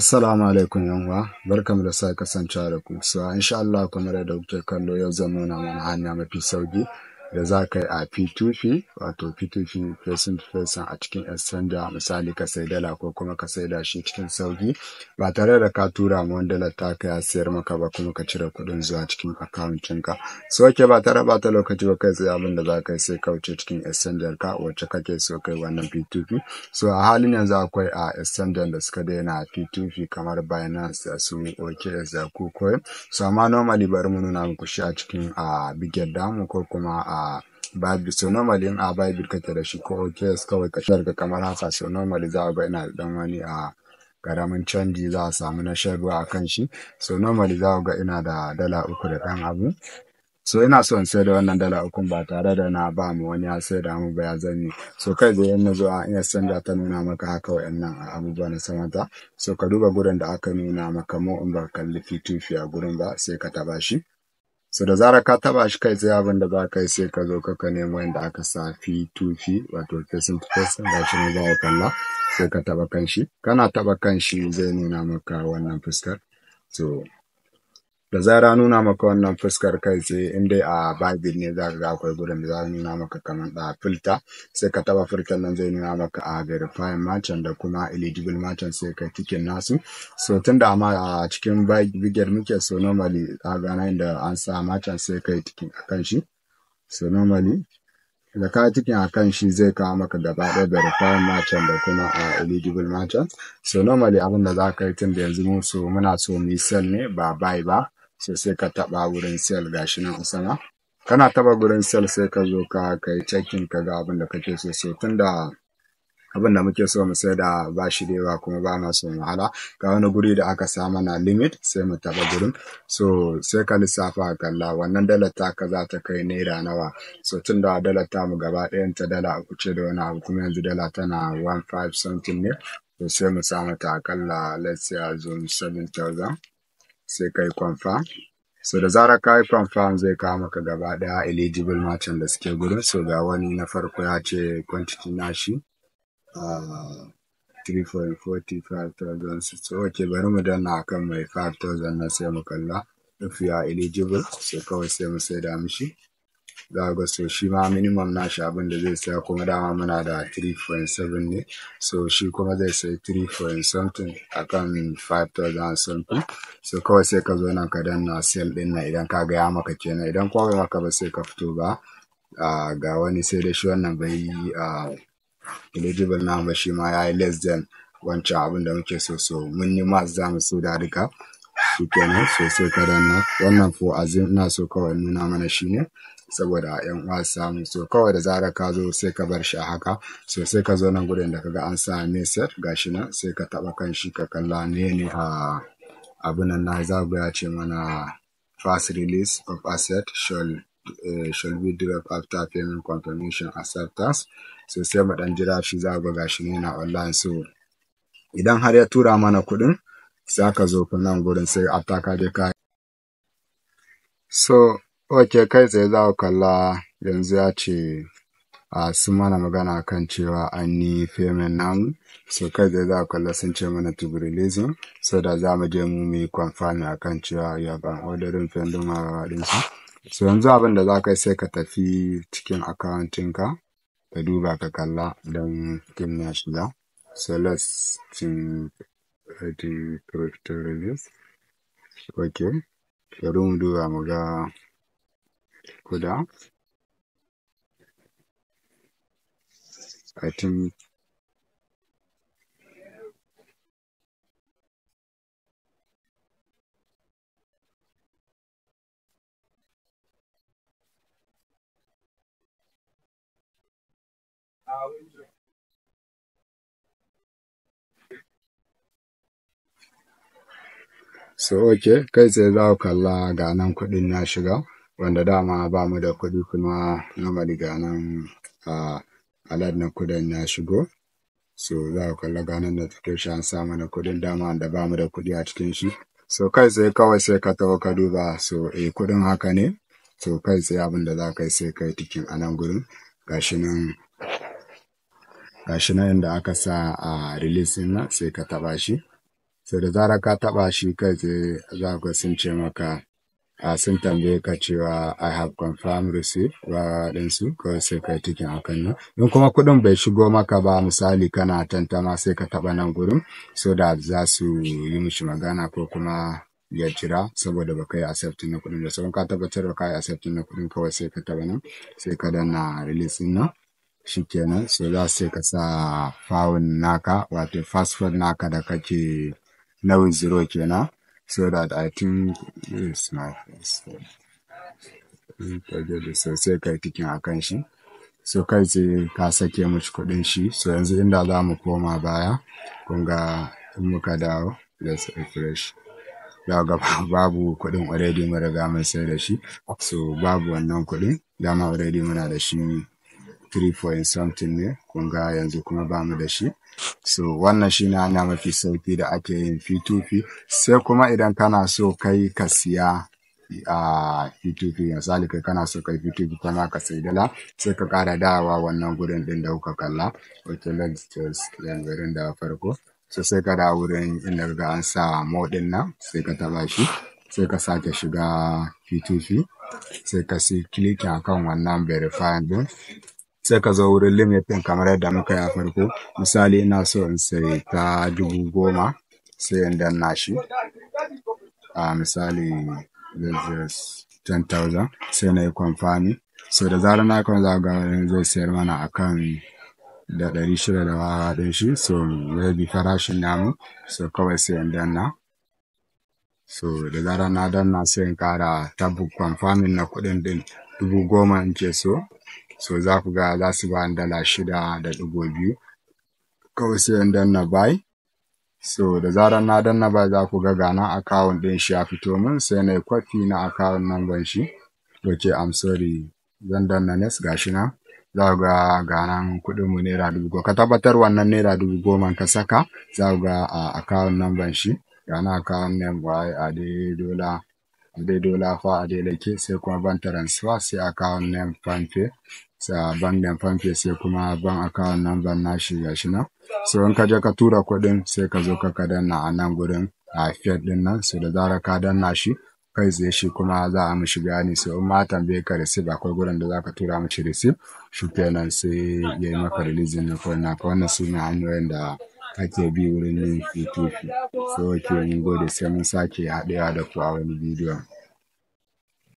Assalamu alaikum yanwa, barkamu da sa kasancewa da ku. So, insha Allah kamar da kuke kallo yau zan nuna mana hanya mafi sauki da za ka yi a P2P wato P2P person to person a cikin Exchanger misali ka sai dala ko kuma ka sai da shi cikin sauki ba tare da ka tura ma wani ta taka ya sayar maka ba kuma ka cire kuɗin zuwa cikin akawuncin ka so ke ba tare ba ta lokaci ba kai tsaye abin da za ka sai ka wuce cikin Exchanger ka wacce kake so kai wannan P2P so a halin yanzu akwai a Exchanger da suka daina P2P kamar Binance da su OKX da KuCoin so amma normally bari mu nuna muku shi a cikin a Bigger damu ko kuma a a so normally in a Bible kake da shi ko OKS kawai ka shigar kamar haka so normally za a ga ina da dan wani a ah, karamin canji za a samu na shan ruwa a kan shi so normally za ga ina da dala uku da dan abu so ina so in sai da wannan dala uku ba tare da na ba mu wani ya sai da mu ba ya zanni so kai zai na zuwa in iya sanda ta nuna maka haka wayannan abubuwa na samanta so ka duba gurin da aka nuna maka mu in ba kalli fitufi a gurin ba sai ka taba shi so da zarar ka taba shi kai tsaye abin da za ka yi sai ka zo ka nemo inda aka sa p2p wato fesin fesin ga shi ne za ka kalla sai ka taba kan shi kana taba kan shi zai nuna maka wannan fuskar so da zara nuna maka wannan fuskar kai sai in dai a bible ne za ka ga akwai gurin da za nuna maka kamar da filter sai ka taba filter nan zai nuna maka a verify matchan da kuma eligible matchan sai ka tikin nasu so tun da ma a cikin bigger muke so normally a gana inda an sa matchan sai ka yi tikin kan shi so normally da ka cikin a kan shi zai kawo maka da ɗaya da required da kuma a eligible matchan so normally abin da za ka yi tun da yanzu mu so muna so mu yi ne ba bai ba Sosai sai ka taba wurin sale gashi nan usama kana taba gurin sale sai ka zo ka kai checking ka ga abin da kake so so tunda abin da muke so mu sai da ba shi da yawa kuma ba masu so wahala ga wani guri da aka sa mana limit sai mu taba gurin so sai ka lissafa kalla wannan dalar ta ka za ta kai naira nawa so tun da dalar ta mu gaba ɗayan ta dala uku ce da wani abu kuma yanzu dala tana 15 something ne to sai mu samu ta akalla let's say a zone 7000 sai kai confirm so da zara ka yi zai kawo maka gaba daya eligible matan da suke gurin so ga wani na farko ya ce quantity na shi uh, ah, 3.45,000 so ok bari mu danna akan mai 5,000 na sai mu kalla if you are eligible sai kawai sai mu sai da mishi za ga so shi ma minimum nashi abin da zai saya kuma dama muna da 3.7 ne so shi kuma zai sayi 3 something akan 5,000 something so kawai sai ka zo nan ka danna sale din nan idan ka gaya maka kenan idan kuma maka ba sai ka fito ba ga wani sai da shi wannan bai yi eligible na ba shi ma ya yi less than wancan abin da muke so so mun yi mas za mu so da duka shi kenan sosai ka danna wannan for azim na so kawai nuna mana shi ne saboda yan uwa su samu so kawai da zara ka zo sai ka bar shi a haka so sai ka zo nan gudun da kaga an sa set gashi nan sai ka taba kan shi ka kalla ne ne ha abin nan na zagu ya ce mana fast release of asset shall eh, shall be direct after payment confirmation acceptance so sai mu dan jira shi zagu gashi ne na online so idan har ya tura mana kuɗin sai ka zo nan gudun, sai after ka je ka so ok kai tsaye za ku kalla yanzu ya ce a sun mana magana kan cewa an yi femen namu so kai tsaye za ku kalla sun ce mana to releasing so da za mu je mu mu kwamfani a kan cewa ya ban ordering pending a wadinsu so yanzu abin da za ka sai ka tafi cikin accounting ka duba ka kalla don kim na shiga so let's cin ready release okay mu duba mu ga Kuda? I think So, okay, kai tsaye za ku kalla ga nan kuɗin na shiga. wanda dama ba mu da kuɗi kuma na ga nan a alad na kuɗin ya shigo so za ku kalla ganin an sa mana kuɗin dama da ba mu da kuɗi a cikin shi so kai sai kawai sai ka tawo ka duba so eh kuɗin haka ne so kai sai abin da za ka sai kai tikin a nan gurin gashi nan gashi nan inda aka sa a rilisin na nan sai ka taba shi sai da zarar ka taba shi kai sai za ku sun ce maka uh, sun tambaye ka cewa I have confirmed receipt ba su ko sai kai tikin hakan nan. don kuma kuɗin bai shigo maka ba misali kana tantama sai ka taba nan gurin so da za su yi mishi magana ko kuma ya jira saboda ba kai accepting na kuɗin da sai ka tabbatar da ka accepting na kuɗin kawai sai ka taɓa nan sai ka danna release na, nan. shikenan so za sai ka sa fawun naka wato password naka da kake nauyin zero kenan so that I think is my first so sai kai tikin a kan shi so kai sai ka sake mu kuɗin shi so yanzu inda za mu koma baya kun ga in muka dawo let's refresh za ga babu kuɗin already mun riga mun sai da shi so babu wannan kuɗin dama already muna da shi 3 point something ne kun yanzu kuma ba mu da shi so wannan shi na hanya mafi sauki da ake yin p2p sai kuma idan kana so kai ka siya a p2p misali kai kana so kai p2p kana ka sai dala sai ka kara dawa wannan gurin din da kuka kalla wato let's just yanzu da farko so sai ka da wurin inda ga an sa modin nan sai ka taba shi sai ka sake shiga p2p sai ka si click akan wannan verify din sai ka zo wurin limitin kamar yadda muka yi a farko misali ina so in sai ta dubu goma sai in danna shi a misali this 10,000 sai na yi kwamfani so da zarar na kan za ga zai sayar mana akan da ɗari shida da wawa ɗin shi so zai bi farashin namu so kawai sai in danna so da zarar na danna sai in ƙara tabu kwamfamin na kuɗin ɗin dubu goma in ke so so za ku ga za su ba dala shida da ɗigo biyu kawai sai in danna bai so da zarar na danna bai za ku ga gana akawun ɗin shi ya fito min sai na yi kwafi na nan ban shi ke i'm sorry zan danna ga gashi na za ku ga gana kuɗin mu naira dubu goma ka tabbatar wannan naira dubu goma ka saka za ku ga a nan ban shi akawun nan bai a dai dola vedo la fa a ke sai kuma ban transfer sai account name fanfe sai ban name fanfe sai kuma ban account number shi gashi nan so in ka je ka tura kuɗin sai ka zo ka ka danna a nan gurin a fiyar din nan so da zarar ka danna shi kai zai shi kuma za a mishi ne sai in ma tambaye ka receipt akwai gurin da za ka tura mishi receipt shi kenan sai ya yi maka releasing na kwana wannan su ne hanyoyin da kake bi wurin yin p 2 So ke mun gode sai mun sake haɗewa da ku a wani bidiyon.